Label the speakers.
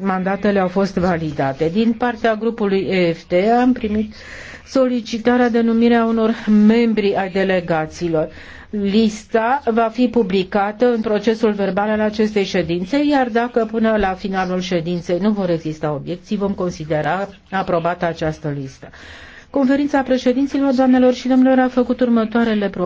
Speaker 1: mandatele au fost validate. Din partea grupului EFT am primit solicitarea de numire a unor membri ai delegațiilor. Lista va fi publicată în procesul verbal al acestei ședințe, iar dacă până la finalul ședinței nu vor exista obiecții, vom considera aprobată această listă. Conferința președinților, doamnelor și domnilor, a făcut următoarele